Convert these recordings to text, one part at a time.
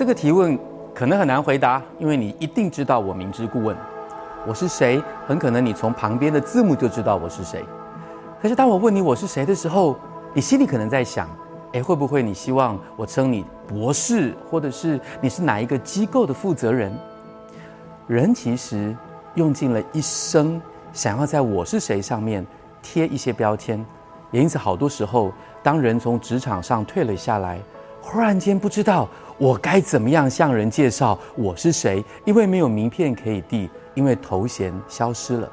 這個提問可能很難回答，因為你一定知道我明知故問。我是誰？很可能你從旁邊的字幕就知道我是誰。可是當我問你我是誰的時候，你心裡可能在想：哎，會不會你希望我稱你博士，或者是你是哪一個機構的負責人？人其實用盡了一生，想要在“我是誰”上面貼一些標籤。也因此，好多時候，當人從職場上退了下來，忽然間不知道。我該怎麼樣向人介紹我是誰？因為沒有名片可以遞，因為頭銜消失了。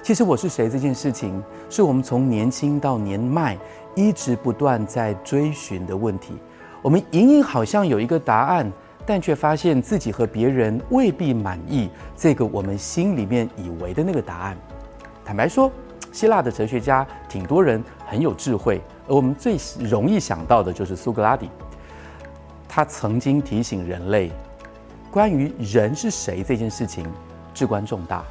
其實我是誰這件事情，是我們從年輕到年邁一直不斷在追尋的問題。我們隱隱好像有一個答案，但卻發現自己和別人未必滿意這個我們心裡面以為的那個答案。坦白說，希臘的哲學家挺多人很有智慧，而我們最容易想到的就是蘇格拉底。他曾經提醒人類，關於人是誰這件事情，至關重大。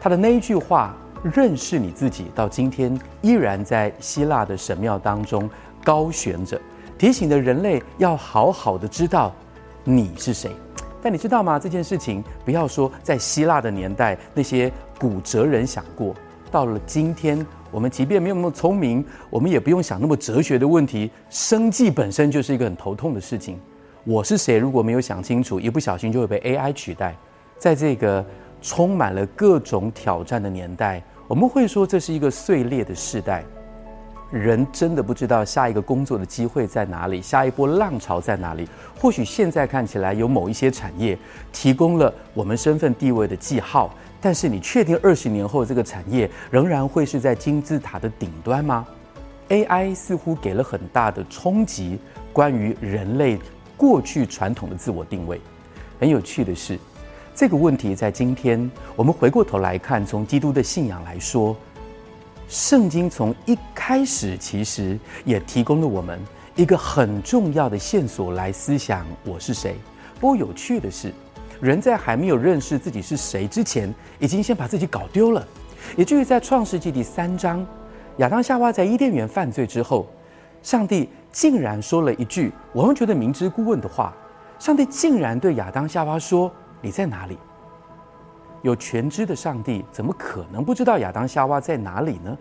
他的那一句話“認識你自己”到今天依然在希臘的神廟當中高懸着，提醒着人類要好好的知道你是誰。但你知道嗎？這件事情，不要說在希臘的年代，那些古哲人想過，到了今天，我們即便沒有那麼聰明，我們也不用想那麼哲學的問題。生計本身就是一個很頭痛的事情。我是誰？如果沒有想清楚，一不小心就會被 AI 取代。在這個充滿了各種挑戰的年代，我們會說這是一個碎裂的世代。人真的不知道下一個工作的機會在哪裡，下一波浪潮在哪裡？或許現在看起來有某一些產業提供了我們身份地位的記號，但是你確定二十年後這個產業仍然會是在金字塔的頂端嗎？AI 似乎給了很大的衝擊，關於人類。過去傳統的自我定位，很有趣的是，這個問題在今天我們回過頭來看，從基督的信仰來說，聖經從一開始其實也提供了我們一個很重要的線索來思想我是誰。不過有趣的是，人在還沒有認識自己是誰之前，已經先把自己搞丟了。也就是在創世紀第三章，亞當夏娃在伊甸園犯罪之後，上帝。竟然說了一句我們覺得明知故問的話，上帝竟然對亞當夏娃說：“你在哪裡？”有全知的上帝怎麼可能不知道亞當夏娃在哪裡呢？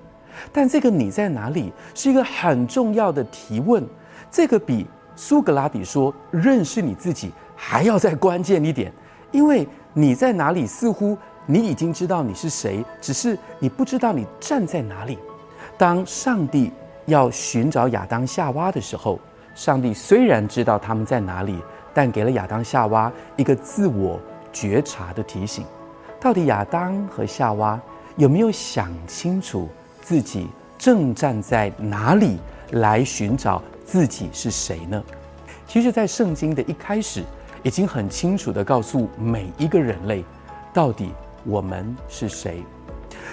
但這個“你在哪裡”是一個很重要的提問，這個比蘇格拉底說“認識你自己”還要再關鍵一點，因為你在哪裡似乎你已經知道你是誰，只是你不知道你站在哪裡。當上帝要尋找亞當夏娃的時候，上帝雖然知道他們在哪裡，但給了亞當夏娃一個自我覺察的提醒。到底亞當和夏娃有沒有想清楚自己正站在哪裡來尋找自己是誰呢？其實，在聖經的一開始，已經很清楚的告訴每一個人類，到底我們是誰。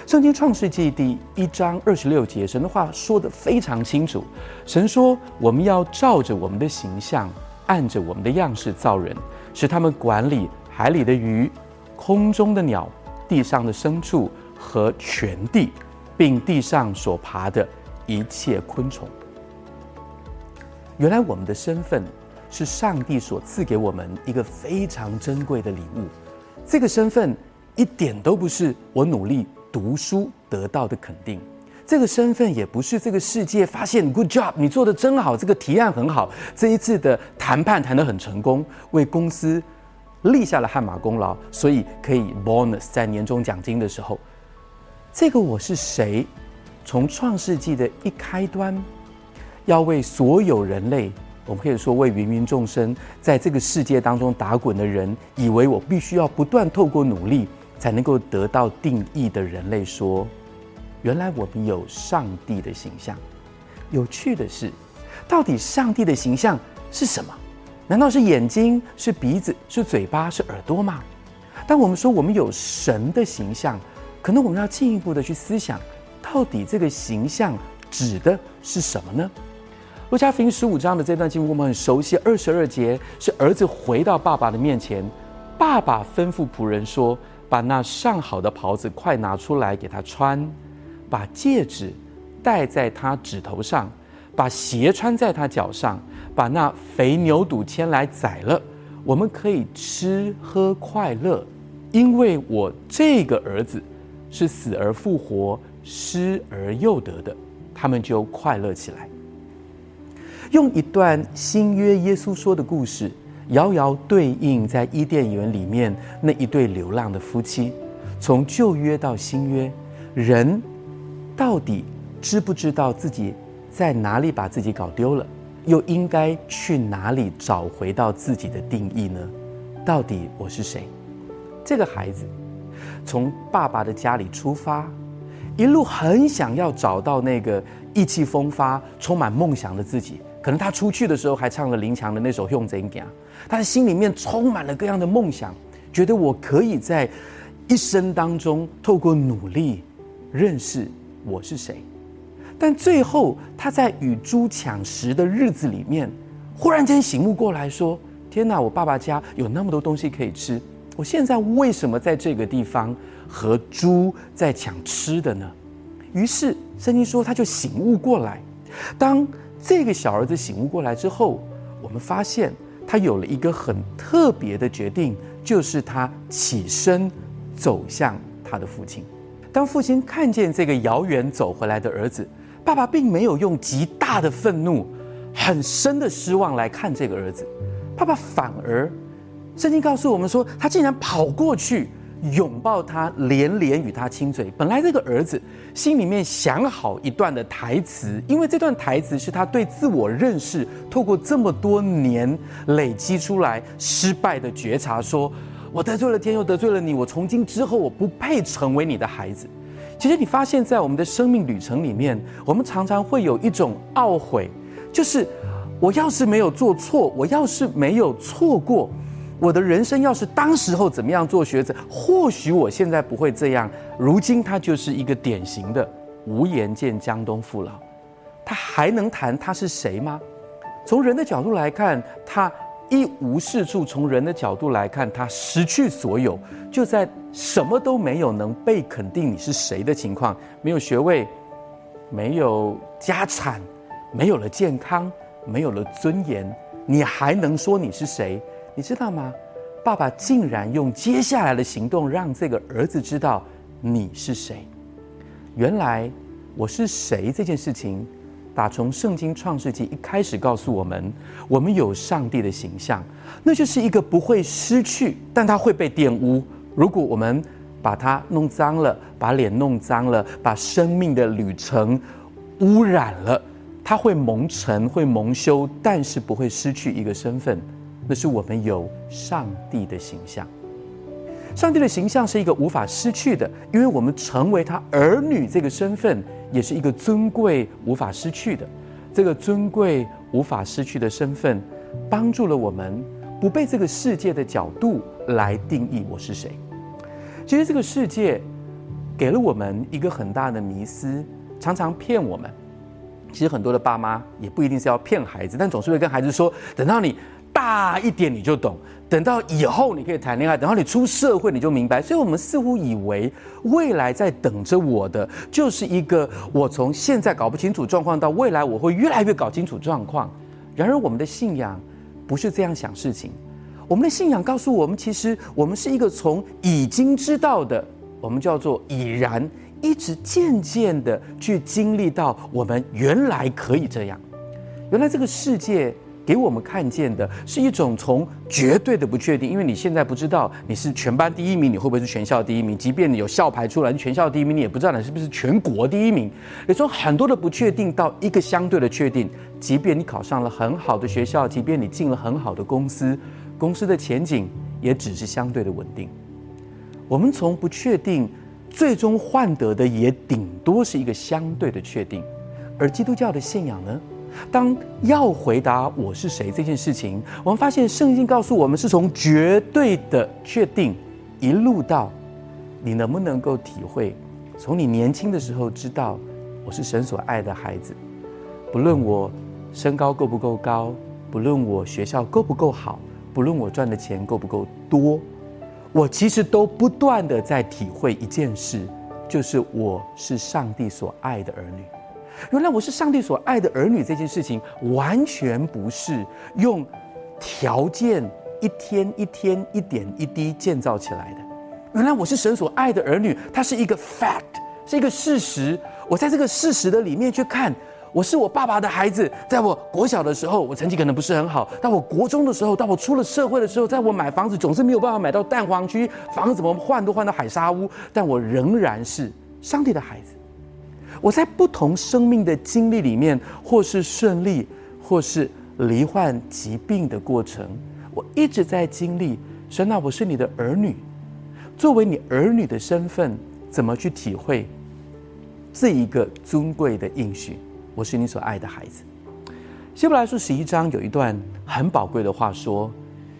聖經創世記第一章二十六節，神的話說得非常清楚。神說：“我們要照着我們的形象，按着我們的樣式造人，使他們管理海裡的魚、空中的鳥、地上的牲畜和全地，並地上所爬的一切昆蟲。”原來我們的身份是上帝所賜給我們一個非常珍貴的禮物。這個身份一點都不是我努力。讀書得到的肯定，這個身份也不是這個世界發現。Good job，你做的真好，這個提案很好，這一次的談判談得很成功，為公司立下了汗馬功勞，所以可以 bonus 在年終獎金的時候。這個我是誰？從創世紀的一開端，要為所有人類，我們可以說為芸芸眾生，在這個世界當中打滾的人，以為我必須要不斷透過努力。才能夠得到定義的人類說，原來我們有上帝的形象。有趣的是，到底上帝的形象是什麼？難道是眼睛、是鼻子、是嘴巴、是耳朵嗎？當我們說我們有神的形象，可能我們要進一步的去思想，到底這個形象指的是什麼呢？路加福音十五章的這段經文我們很熟悉，二十二節是兒子回到爸爸的面前，爸爸吩咐僕人說。把那上好的袍子快拿出來給他穿，把戒指戴在他指頭上，把鞋穿在他腳上，把那肥牛犢牽來宰了，我們可以吃喝快樂，因為我這個兒子是死而復活、失而又得的，他們就快樂起來。用一段新約耶穌說的故事。遙遙對應在伊甸園裡面那一對流浪的夫妻，從舊約到新約，人到底知不知道自己在哪裡把自己搞丟了？又應該去哪裡找回到自己的定義呢？到底我是誰？這個孩子從爸爸的家裡出發，一路很想要找到那個意氣風發、充滿夢想的自己。可能他出去的時候還唱了林強的那首《用怎樣》。他的心裡面充滿了各樣的夢想，覺得我可以在一生當中透過努力，認識我是誰。但最後他在與豬搶食的日子裡面，忽然間醒悟過來，說：“天哪，我爸爸家有那麼多東西可以吃，我現在為什麼在這個地方和豬在搶吃的呢？”於是聖經說，他就醒悟過來，當。這個小兒子醒悟過來之後，我們發現他有了一個很特別的決定，就是他起身走向他的父親。當父親看見這個遙遠走回來的兒子，爸爸並沒有用極大的憤怒、很深的失望來看這個兒子，爸爸反而，聖經告訴我們說，他竟然跑過去。擁抱他，連連與他親嘴。本來這個兒子心裡面想好一段的台詞，因為這段台詞是他對自我認識透過這麼多年累積出來失敗的覺察，說：“我得罪了天，又得罪了你，我從今之後我不配成為你的孩子。”其實你發現，在我們的生命旅程裡面，我們常常會有一種懊悔，就是我要是沒有做錯，我要是沒有錯過。我的人生要是當時候怎麼樣做學者，或許我現在不會這樣。如今他就是一個典型的無顏見江東父老，他還能談他是誰嗎？從人的角度來看，他一無是處；從人的角度來看，他失去所有，就在什麼都沒有能被肯定你是誰的情況，沒有學位，沒有家產，沒有了健康，沒有了尊嚴，你還能說你是誰？你知道嗎？爸爸竟然用接下來的行動讓這個兒子知道你是誰。原來我是誰這件事情，打從聖經創世紀一開始告訴我們，我們有上帝的形象，那就是一個不會失去，但他會被玷污。如果我們把它弄髒了，把臉弄髒了，把生命的旅程污染了，他會蒙塵，會蒙羞，但是不會失去一個身份。那是我們有上帝的形象，上帝的形象是一個無法失去的，因為我們成為他兒女這個身份，也是一個尊貴無法失去的。這個尊貴無法失去的身份，幫助了我們不被這個世界的角度來定義我是誰。其實這個世界給了我們一個很大的迷思，常常騙我們。其實很多的爸媽也不一定是要騙孩子，但總是會跟孩子說：等到你。大、啊、一點你就懂，等到以後你可以談戀愛，等到你出社會你就明白。所以，我們似乎以為未來在等着我的，就是一個我從現在搞不清楚狀況到未來我會越來越搞清楚狀況。然而，我們的信仰不是這樣想事情。我們的信仰告訴我們，其實我們是一個從已經知道的，我們叫做已然，一直漸漸的去經歷到我們原來可以這樣，原來這個世界。給我們看見的是一種從絕對的不確定，因為你現在不知道你是全班第一名，你會不會是全校第一名？即便你有校排出來，你全校第一名，你也不知道你是不是全國第一名。你從很多的不確定到一個相對的確定，即便你考上了很好的學校，即便你進了很好的公司，公司的前景也只是相對的穩定。我們從不確定最終換得的也頂多是一個相對的確定，而基督教的信仰呢？當要回答“我是誰”這件事情，我們發現聖經告訴我們是從絕對的確定一路到你能不能夠體會，從你年輕的時候知道我是神所愛的孩子，不論我身高夠不夠高，不論我學校夠不夠好，不論我賺的錢夠不夠多，我其實都不斷的在體會一件事，就是我是上帝所愛的兒女。原來我是上帝所愛的兒女這件事情，完全不是用條件一天一天一點一滴建造起來的。原來我是神所愛的兒女，它是一個 fact，是一個事實。我在這個事實的裡面去看，我是我爸爸的孩子。在我國小的時候，我成績可能不是很好；在我國中的時候，到我出了社會的時候，在我買房子總是沒有辦法買到蛋黃區，房子怎麼換都換到海沙屋，但我仍然是上帝的孩子。我在不同生命的經歷裡面，或是順利，或是罹患疾病的過程，我一直在經歷神。神啊，我是你的兒女，作為你兒女的身份，怎麼去體會這一個尊貴的應許？我是你所愛的孩子。希伯來書十一章有一段很寶貴的話說：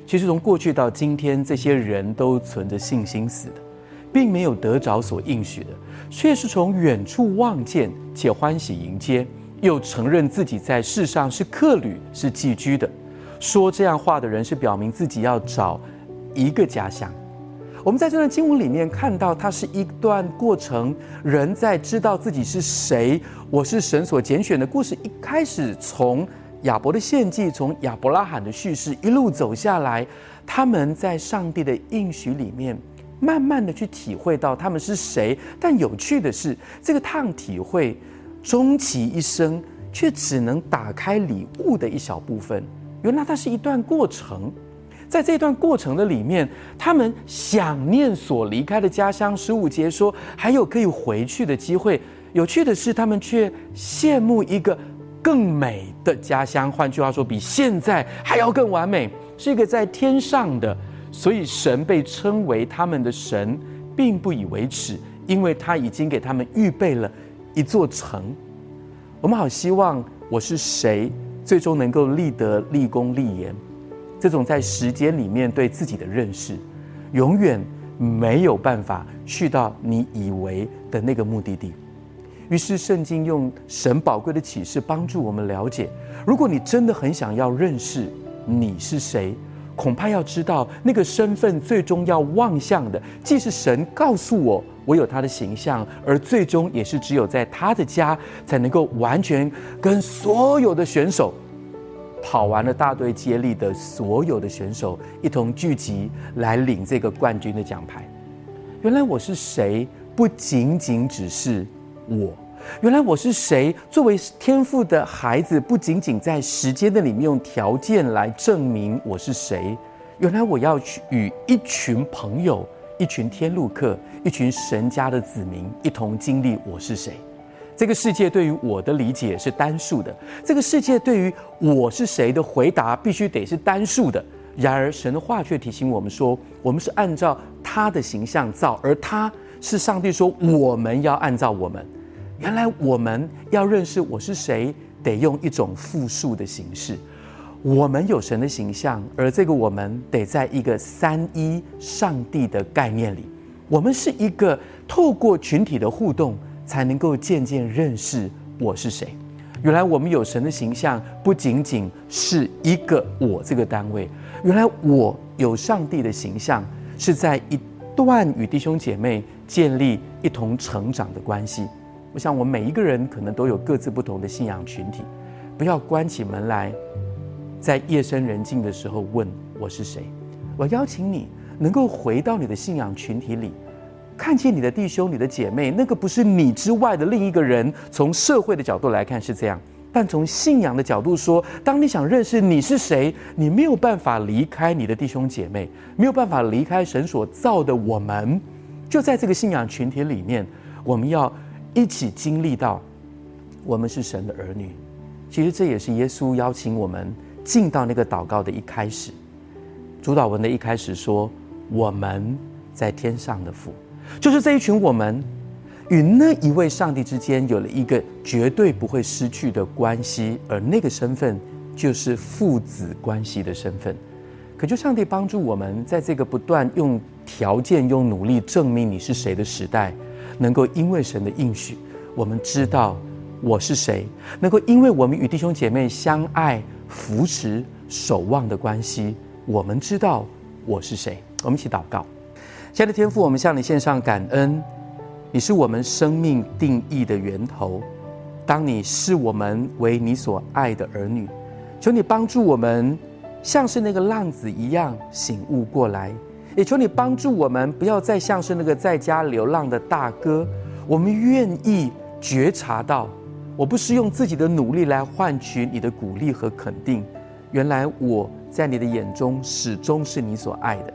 其實從過去到今天，這些人都存着信心死的。並沒有得着所應許的，卻是從遠處望見，且歡喜迎接，又承認自己在世上是客旅，是寄居的。說這樣話的人，是表明自己要找一個家鄉。我們在這段經文裡面看到，它是一段過程，人在知道自己是誰，我是神所揀選的故事。一開始從亞伯的獻祭，從亞伯拉罕的敘事一路走下來，他們在上帝的應許裡面。慢慢的去體會到他們是誰，但有趣的是，這個趟體會，終其一生卻只能打開禮物的一小部分。原來它是一段過程，在這段過程的裡面，他們想念所離開的家鄉。十五節說還有可以回去的機會。有趣的是，他們卻羨慕一個更美的家鄉。換句話說，比現在還要更完美，是一個在天上的。所以，神被稱為他們的神，並不以為恥，因為他已經給他們預備了一座城。我們好希望我是誰，最終能夠立德、立功、立言。這種在時間裡面對自己的認識，永遠沒有辦法去到你以為的那個目的地。於是，聖經用神寶貴的啟示幫助我們了解：如果你真的很想要認識你是誰。恐怕要知道那個身份最終要望向的，既是神告訴我我有他的形象，而最終也是只有在他的家才能夠完全跟所有的選手，跑完了大隊接力的所有的選手一同聚集來領這個冠軍的獎牌。原來我是誰，不僅僅只是我。原來我是誰？作為天父的孩子，不僅僅在時間的裡面用條件來證明我是誰。原來我要去與一群朋友、一群天路客、一群神家的子民一同經歷我是誰。這個世界對於我的理解是單數的，這個世界對於我是誰的回答必須得是單數的。然而神的話卻提醒我們說，我們是按照他的形象造，而他是上帝說我們要按照我們。原來我們要認識我是誰，得用一種複數的形式。我們有神的形象，而這個我們得在一個三一上帝的概念裡。我們是一個透過群體的互動，才能夠漸漸認識我是誰。原來我們有神的形象，不僅僅是一個我這個單位。原來我有上帝的形象，是在一段與弟兄姐妹建立一同成長的關係。像我們每一個人，可能都有各自不同的信仰群體。不要關起門來，在夜深人靜的時候問我是誰？我邀請你能夠回到你的信仰群體裡，看見你的弟兄、你的姐妹。那個不是你之外的另一個人。從社會的角度來看是這樣，但從信仰的角度說，當你想認識你是誰，你沒有辦法離開你的弟兄姐妹，沒有辦法離開神所造的我們。就在這個信仰群體裡面，我們要。一起經歷到，我們是神的兒女。其實這也是耶穌邀請我們進到那個禱告的一開始，主禱文的一開始說：“我們在天上的父。”就是這一群我們，與那一位上帝之間有了一個絕對不會失去的關係，而那個身份就是父子關係的身份。可就上帝幫助我們，在這個不斷用條件、用努力證明你是誰的時代。能夠因為神的應許，我們知道我是誰；能夠因為我們與弟兄姐妹相愛、扶持、守望的關係，我們知道我是誰。我們一起禱告，親愛的天父，我們向你獻上感恩，你是我們生命定義的源頭。當你視我們為你所愛的兒女，求你幫助我們，像是那個浪子一樣醒悟過來。也求你幫助我們，不要再像是那個在家流浪的大哥。我們願意覺察到，我不是用自己的努力來換取你的鼓勵和肯定。原來我在你的眼中始終是你所愛的。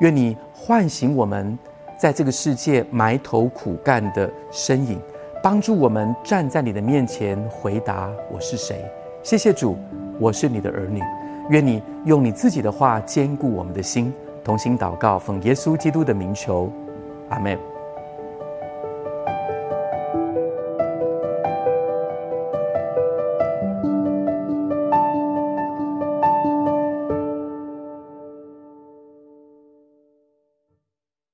願你喚醒我們在這個世界埋頭苦幹的身影，幫助我們站在你的面前回答我是誰。謝謝主，我是你的兒女。願你用你自己的話堅固我們的心。同心禱告，奉耶穌基督的名求，阿們。